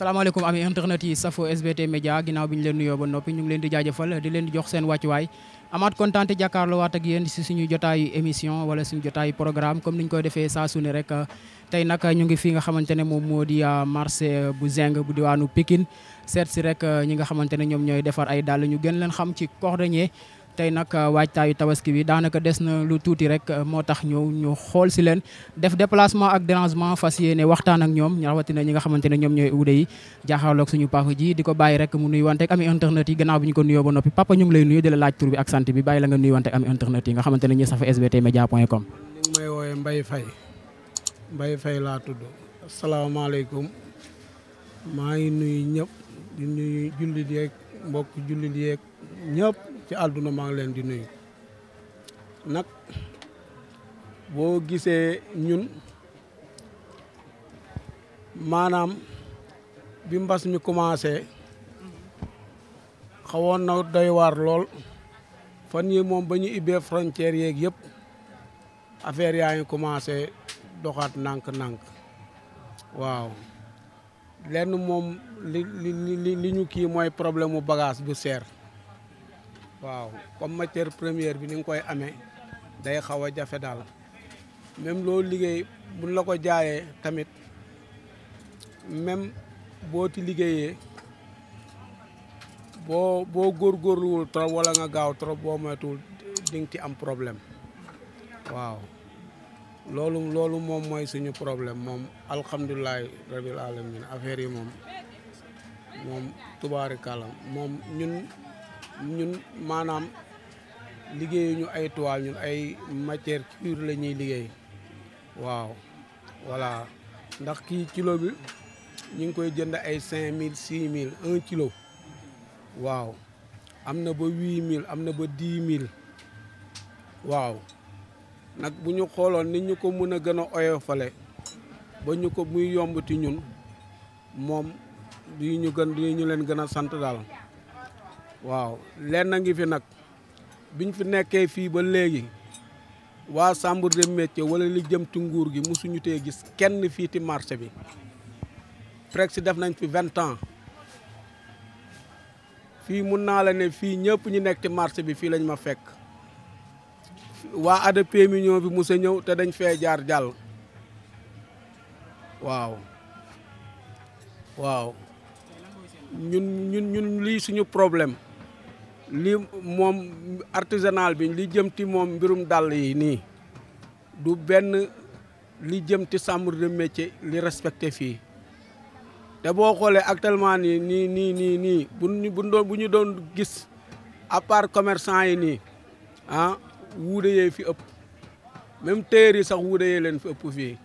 asalaamaaleykum ami internet yi safo SBT Média ginnaaw bi ñu leen nuyoo ba noppi ñu ngi leen di jaajëfal di leen di jox seen wàccuwaay amaat kontaan te jàkkaarloo waat ak yéen si suñu jotaayu émission wala suñu jotaayu programme comme ni ñu koy defee saa ne rek tey nag ñu ngi fi nga xamante ne moom moo di ah, marché bu Zing bu diwaanu Pikine seet si rek ñi nga xamante ne ñoom ñooy defar ay dàll ñu gën leen xam ci cordonnier tey nag euh, waajtaayu tabaski bi daanaka des na lu tuuti rek euh, moo tax ñëw ñu xool si leen def déplacement ak dérangement fas yéene waxtaan ak ñoom rawatina ñi nga xamante ne ñoom ñooy uude yi jaaxaaloog suñu papa ji di ko bàyyi rek nuy wante ak ami internet yi gannaaw bi ñu ko nuyoo ba noppi la laaj tur bi ak sant bi bàyyi la nga nuy wante ak internet yi nga xamante ne ñi safa sbt média point com ñu may wooye Mbaye Faye Mbaye Faye laa tudd asalaamaaleykum maa ngi nuyu ñëpp di nuyu jullit yeeg mbokk jullit yeeg ñëpp ci àdduna maa ngi leen di nuyu nag boo gisee ñun maanaam bi mbas mi commencé xawoon na doy waar lool fan yi moom ba ñu ibbee frontières yeeg yëpp affaire yaa ngi commencé doxaat nànk-nànk waaw lenn moom li li li ñu kii mooy problème mu bagage bu seer waaw comme matière première bi ni nga koy amee day xaw a jafe daal même loolu liggéey buñ la ko jaayee tamit même boo ci liggéeyee boo boo góorgóorluwul trop wala nga gaaw trop boo moytuwul di nga ci am problème waaw loolu loolu moom mooy suñu problème moom alhamdulilah rabil alamin affaire yi moom moom tubaarikàlla moom ñun ñun maanaam liggéeyuñu ay toile ñun ay matière cuir lañuy liggéey waaw voilà ndax kii kilo bi ñu ngi koy jënd ay cinq mille six mille un kilo waaw am na ba huit mille am na ba dix mille waaw nag bu ñu xooloon ni ñu ko mën a gën a oyofale ba ñu ko muy yombati ñun moom di ñu gën di ñu leen gën a sant daal waaw leen na ngi fi nag biñ fi nekkee fii ba léegi waa chambre de métier wala li jëm ci nguur gi mosuñu tee gis kenn fii ti marché bi presque def nañ fi vingt ans fii mun naa la ne fii ñëpp ñu nekk ci marché bi fii lañ ma fekk waa ADEPMI ñoo fi mos a ñëw te dañ fee jaar jàll waaw waaw ñun ñun ñun lii suñu problème li moom artisanal bi li jëm ti moom mbirum dàll yi nii du benn li jëm ti chambre de métier li respecté fii te boo xoolee actuellement nii nii nii nii nii bu ñu doon gis à part commerçant yi nii ah wuude yee fi ëpp même téer yi sax wuude yee leen fi ëpp fii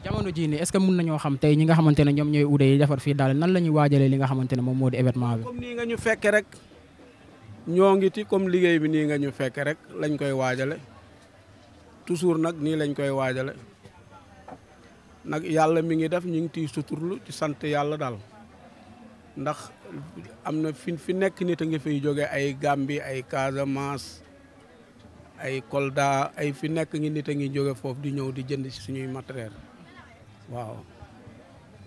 jamono jii nii est-ce que mun nañoo xam tey ñi nga xamante ne ñoom ñooy uude yi defar fii daal nan la ñuy waajalee li nga xamante moom moo di événement bi. comme nii nga ñu fekk rek ñoo ngi ti comme liggéey bi nii nga ñu fekk rek lañ koy waajale toujours nag nii lañ koy waajale nag yàlla mi ngi def ñu ngi ti suturlu ci sant yàlla daal ndax am na fi fi nekk nit a ngi fiy jóge ay Gambie ay Casamance ay Kolda ay fi nekk ngi nit a ngi jóge foofu di ñëw di jënd si suñuy matériel waaw.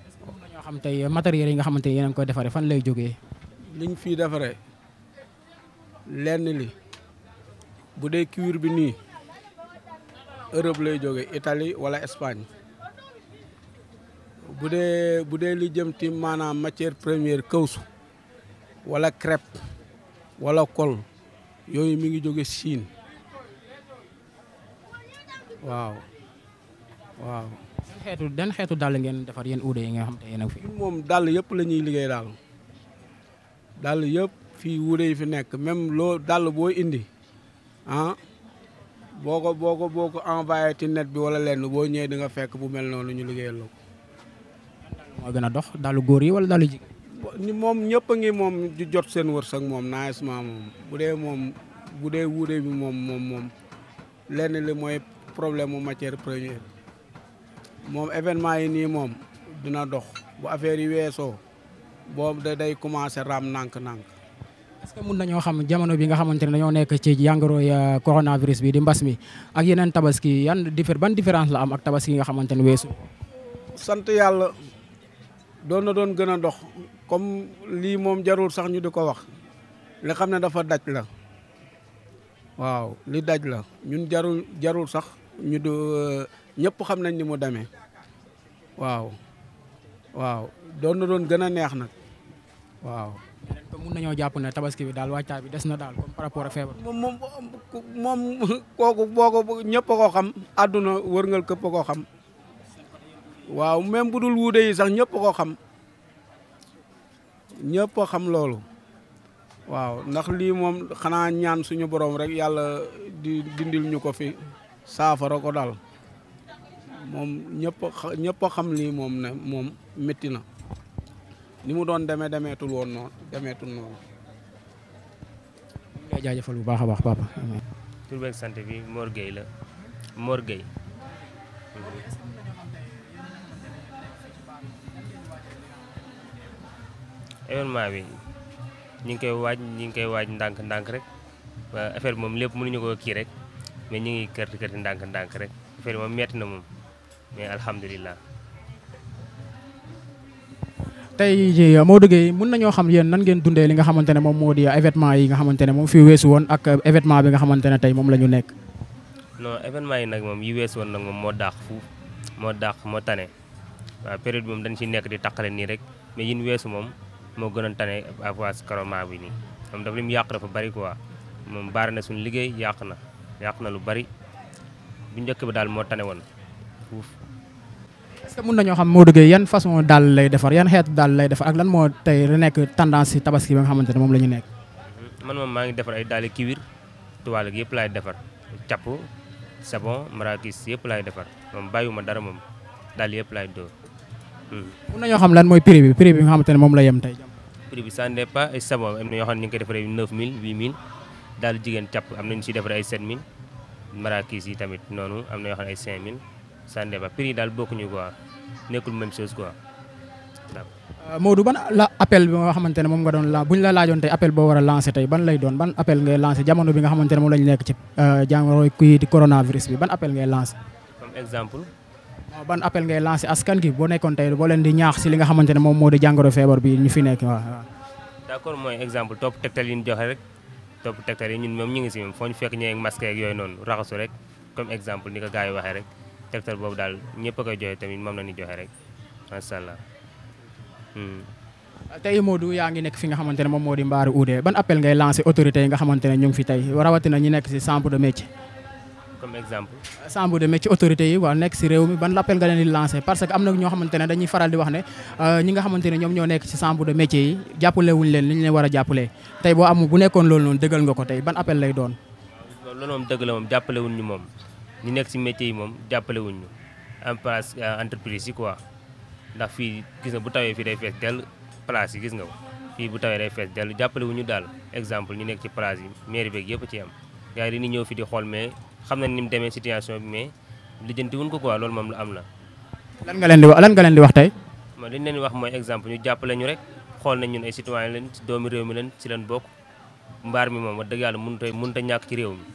est xam tey matériels yi nga xamante ni yéen a koy defaree fan lay jógee. liñ fii defaree lenn li bu dee cuir bi nii Europe lay jóge itali wala Espagne bu dee bu dee li jëm ci maanaam matière première kawsu walla crêpe wala kol yooyu mi ngi jóge Chine waaw waaw yan xeetu yan xeetu dàll ngeen defar yéen uude yi nga xam te yéen a moom dàll yëpp la ñuy liggéey daal dàll yëpp fii wuude yi fi nekk même loo dàll boo indi ah boo ko boo ko boo ko envoyé ci net bi wala lenn boo ñëwee di nga fekk bu mel noonu ñu liggéeyal la gën a dox dàllu góor yi wala dàllu jigéen. moom ñëpp a ngi moom di jot seen wërsëg moom naajement moom bu dee moom bu dee wuude bi moom moom moom lenn li mooy problème mu matière première. moom événement yi nii moom dina dox bu affaire yi weesoo boobu da day commencé raam nànk-nànk. est-ce que mun nañoo xam jamono bi nga xamante ne dañoo nekk ci jàngoro ya coronavirus bi di mbas mi ak yeneen tabaski yan diffé ban différence la am ak tabaski yi nga xamante ne weesu. sant yàlla doon na doon gën a dox comme lii moom jarul sax ñu di ko wax li xam ne dafa daj la waaw li daj la ñun jarul jarul sax ñu euh, ñëpp xam nañ ni mu demee waaw waaw doon na doon gën a neex nag waaw. mun nañoo jàpp na tabaski bi daal waajtaay bi des na daal comme par rapport ak feebar. moom moom kooku boo ko ñëpp ko xam àdduna wërngal këpp a ko xam waaw même bu dul wuude yi sax ñëpp a ko xam ñëpp xam loolu. waaw ndax lii moom xanaa ñaan suñu boroom rek yàlla di dindil ñu ko fi saafara ko daal moom ñëpp ñëpp xam lii moom ne moom métti na ni mu doon demee demeetul woon noonu demeetul noonu. ñu ngi lay jaajëfal bu baax a baax papa. tur beeg sant bi Mor Gueye la Mor Gueye. Mhm. événement bi ñu ngi koy waaj ñu ngi koy waaj ndànk-ndànk rek affaire bi moom lépp ñu ko kii rek mais ñu ngi kërti kërti ndànk-ndànk rek affaire bi moom metti na moom. mais alhamdulilah. tey euh, moo dëggee mun mën nañoo xam yéen nan ngeen dundee li nga xamante ne moom moo di euh, événement yi nga xamante ne moom fi weesu woon ak euh, événement bi nga xamante ne tey moom la nekk. non événement yi nag moom yi weesu nag moom moo daax fu moo daax moo tane waaw période bi moom dañ ci nekk di taqale nii rek mais weesu moom moo gën a tane avance corona bi nii moom dafa lim yàq dafa bari quoi moom baare na suñu liggéey yàq na yàq na lu bari bu njëkk bi daal moo tane woon. fuuf. est na ñoo xam moo Gueye yan façon daal lay defar yan xeetu daal lay defar ak lan moo tey nekk tendance si tabaski bi nga xamante ne moom la ñu nekk. Mm-hmm. man moom maa ngi defar ay daal kiwir tuwaale gi yëpp laay defar capp sabon marakis yëpp laay defar moom bàyyiwuma dara moom daal yëpp laay dóor. Mm-hmm. na nañoo xam lan mooy prix bi prix bi nga xamante ne moom la yem tey. prix bi ça n'est pas ay sabon am na yoo xam ne ñu ngi koy defaree 9000 8000 daal yi tamit noonu am na yoo xam ne ay ça ne va prix yi daal bokkuñu quoi nekkul même chose quoi euh, ban la appel bi nga xamante ne moom nga doon la bu laajoon tey appel boo war a lancé tey ban lay doon ban appel ngay lancé jamono bi nga xamante moom la nekk ci euh, jàngoro kuy di coronavirus bi ban appel ngay lancé. ban appel ngay lancé askan gi boo nekkoon tey boo leen di ñaax si li nga xamante ne moom moo di jàngoro feebar bi ñu fi nekk waaw waaw. mooy exemple topp tegtal yi ñu joxe rek topp tegtal yi ñun moom ñu ngi si fekk ñëwee masque yeeg yooyu noonu tegtal boobu daal ñëpp a koy joxe tamit hmm. yaa ngi nekk fi nga xamante ne moom moo di Mbaaru Oudé ban appel ngay lancé autorité yi nga xamante ne ñu ngi fi tey rawatina ñu nekk si de métier. comme exemple. chambre yi waa nekk si réew mi ban appel nga leen di lancé parce que am na ñoo xamante ne dañuy faral di wax ne euh, ñi nga xamante ne ñoom ñoo nekk si chambre de métier yi jàppale wuñ leen li ñu leen war a jàppalee tey boo amul bu nekkoon loolu noonu dëggal nga ko tey ban appel lay doon. loolu moom dëgg la ñu nekk si métier yi moom jàppale ñu en place entreprise yi quoi ndax fii gis nga bu tawee fii day fees dell place yi gis nga ko fii bu tawee day fees dellu jàppalewuñu daal exemple ñu nekk ci place yi mairie beeg yëpp ci am gars yi dañuy ñëw fi di xool mais xam na ni mu demee situation bi mais lijjanti wuñ ko quoi loolu moom lu am la. lan nga leen di wax lan nga leen di wax tey. man li ñu leen wax mooy exemple ñu jàppale ñu rek xool nañ ñun ay citoyen lañ ci doomi réew mi ci lañ bokk mbaar mi moom wax dëgg yàlla mënut a mënut a ñàkk ci réew mi.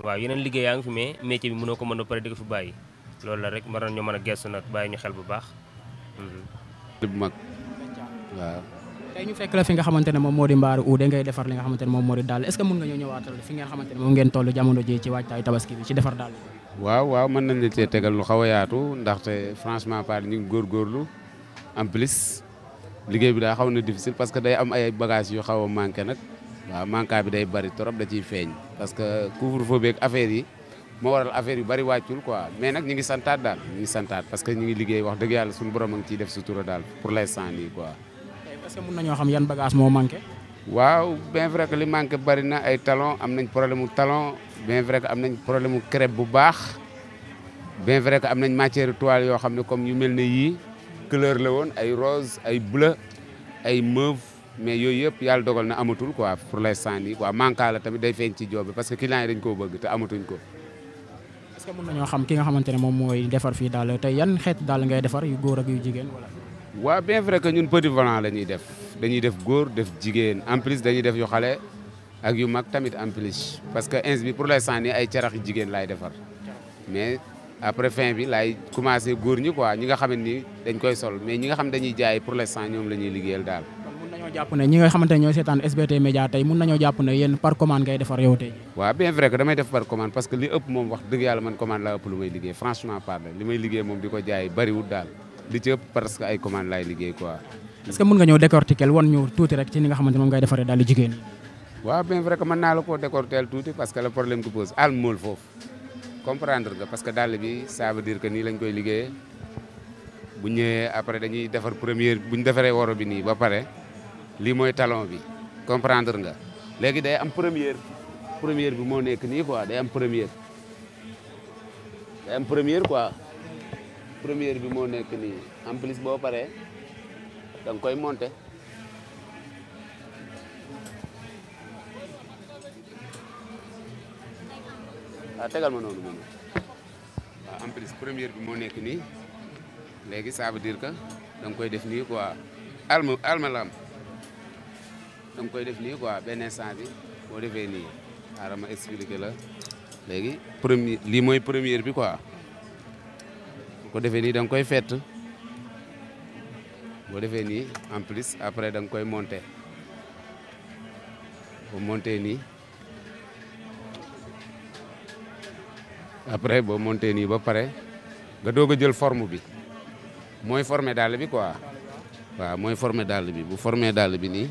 waaw yeneen liggéey yaa ngi fi mais métier bi mënoo ko mën a pare di ko bàyyi loolu la rek mën nañu mën a gestu nag bàyyi ñu xel bu baax. Mhm. bu mag waaw. tey ñu fekk la fi nga xamante ne moom moo di mbaaru uude ngay defar li nga xamante ne moom moo di daal est-ce que mën nga ñëw ñëwaatal fi ngeen xamante ne moom ngeen toll jamono ji ci waajtaayu tabaski bi ci defar daal. waaw waaw mën nañ la cee tegal lu xaw a yaatu ndaxte franchement parle ñu ngi góorgóorlu en plus liggéey bi daa xaw na difficile parce que day am ay bagages yu xaw a nag waaw manquant bi day bari trop da ciy feeñ parce que couvre-feu beeg affaire yi moo waral affaire yu bari wàccul quoi mais nag ñu ngi santaat daal ñu ngi santaat parce que ñu ngi liggéey wax dëgg yàlla suñu borom a ngi ciy def sutura daal pour l'instant nii quoi. est-ce que xam yan bagage moo manqué. waaw bien vrai que li manqué bari na ay talon am nañ problème mu talon bien vrai que am nañ problème mu crêpe bu baax bien vrai que am nañ matière toile yoo xam ne comme yu mel ne yii couleur la woon ay rose ay bleu ay mauve. mais yooyu yëpp yàlla dogal na amatul quoi pour l'instant nii quoi manquant la tamit day feeñ ci job bi parce que client yi dañ koo bëgg te amatuñ ko. est-ce que mën nañoo xam ki nga xamante ne moom mooy defar fii daal tey yan xeet daal ngay defar yu góor ak yu jigéen wala. waaw bien vrai que ñun petit volant la ñuy def dañuy def góor def jigéen en plus dañuy def yu xale ak yu mag tamit en plus parce que ins bi pour l'instant nii ay carax jigéen laay defar mais. après fin bi laay commencé góor ñi quoi ñi nga xam ne ni dañ koy sol mais ñi nga xam dañuy jaay pour l'instant ñoom la ñuy liggéeyal daal jàpp ne ñi nga xamante ne ñooy seetaan SBT Média tey mun nañoo jàpp ne yéen par commande ngay defar yow tey waaw bien vrai que damay def par commande parce que li ëpp moom wax dëgg yàlla man commande laa ëpp lu may liggéey franchement ko jaay bariwul daal li ci ëpp parce que ay commande nga ñëw décortiquer wan ñu tuuti rek ci ni nga xamante moom ngay defaree daal jigéen waaw bi ça veut dire bu première bu ñu defaree woro bi nii ba pare lii mooy talon bi comprendre nga léegi day am première première bi moo nekk nii quoi day am première day am première quoi première bi moo nekk nii en boo paree da nga koy monter a ah, tegal ma noonu moom waaw en plus première bi moo nekk nii léegi ça dir dire que da koy def nii quoi alma alma danga koy def nii quoi benn instant bi boo defee nii xaaral ma expliqué la léegi premier lii mooy première bi quoi ko defee nii da nga koy fett boo defee nii en plus après da nga koy monter boo monter nii après boo monter nii ba pare nga doo a jël forme bi mooy former dàll bi quoi waaw mooy former dàll bi bu former dàll bi nii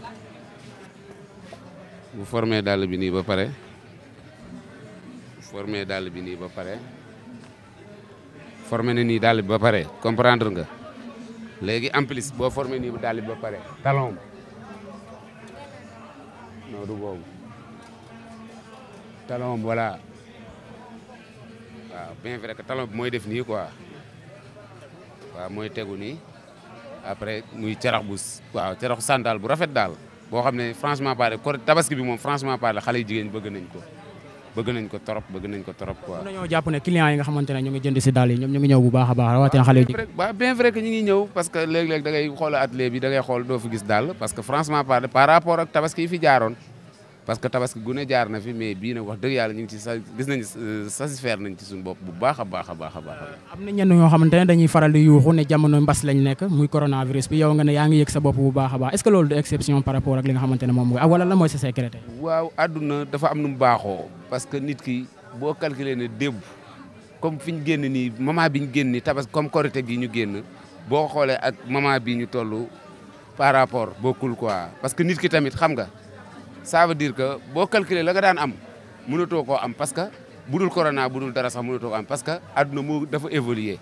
bu formé dàll bi nii ba pare formé dàll bi nii ba pare formé na nii dàll bi ba pare comprendre nga léegi en plus boo formé nii dàll bi ba pare talon ba non du boobu talon voilà waaw bien vrai que talon bi mooy def nii quoi waaw mooy tegu nii après muy carax bu waaw caraxu sandal bu rafet daal boo xam ne franchement parlé ko tabaski bi moom franchement parlé xale yu jigéen bëgg nañ ko bëgg nañ ko trop bëgg nañ ko trop quoi. mën nañoo jàpp ne clients yi nga xamante ne ñu ngi jënd si daal yi ñoom ñu ngi ñëw bu baax a baax rawatina xale yu jigéen. waaw vrai que ñu ngi ñëw parce que léeg-léeg da xool atelier bi da ngay xool doo fi gis daal parce que franchement parlé par rapport ak tabaski fi jaaroon parce que tabaski gune jaar na fi mais bii nag wax dëgg yàlla ñu ngi ci sa gis nañu euh, satisfaire nañ ci suñu bopp bu baax a baax a baax a am na ñenn ñoo xamante ne dañuy faral di yuuxu ne jamono mbas lañ nekk muy coronavirus bi yow nga ne yaa ngi yëg sa bopp bu baax a baax est-ce que loolu du exception par rapport ak li ah, dafa am nu mu baaxoo parce que nit ki boo calculer ne démb comme fi ñu génn nii moment bi ñu génn nii tabaski comme korite gi génn boo xoolee ak moment bi ñu toll par rapport bokkul quoi parce que nit ki tamit xam nga ça veut dire que boo calculer a nga daan am mënatoo ko am parce que bu dul corona bu dul dara sax mënatoo ko am parce que adduna moo dafa évoluer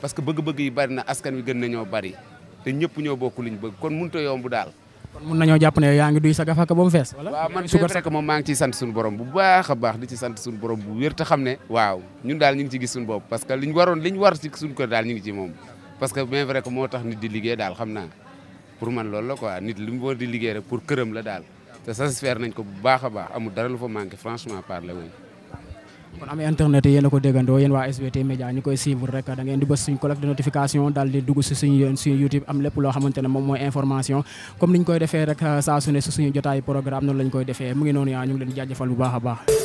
parce que bëgg-bëgg yi bari askan wi gën nañoo bari te ñëpp ñoo bokk li ñu bëgg kon mënut a yomb daal. kon mun nañoo jàpp ne yaa ngi duy sa gafaka ba fees. wala waaw a baax di ci sant suñu borom bu ne. waaw ñun daal ñu ngi ci gis bopp parce que liñ waroon liñ war ci suñu kër daal ñu ngi ci moom parce que bien vrai que moo tax nit di liggéey daal xam naa pour man loolu la quoi nit li mu di liggéey rek pour këram la daal te satisfaire nañ ko bu baax a baax amul dara lu fa manqué franchement parler wuñ. kon amee internet yéen a ko déggandoo yéen waa SBT Média ñu koy suivre rek da ngeen di suñ collecte de notification daal di dugg si YouTube am lépp loo xamante moom mooy information comme ni koy defee rek saa su ne jotaayu programme noonu la koy defee mu ngi noonu yaa ñu ngi leen di bu baax a baax.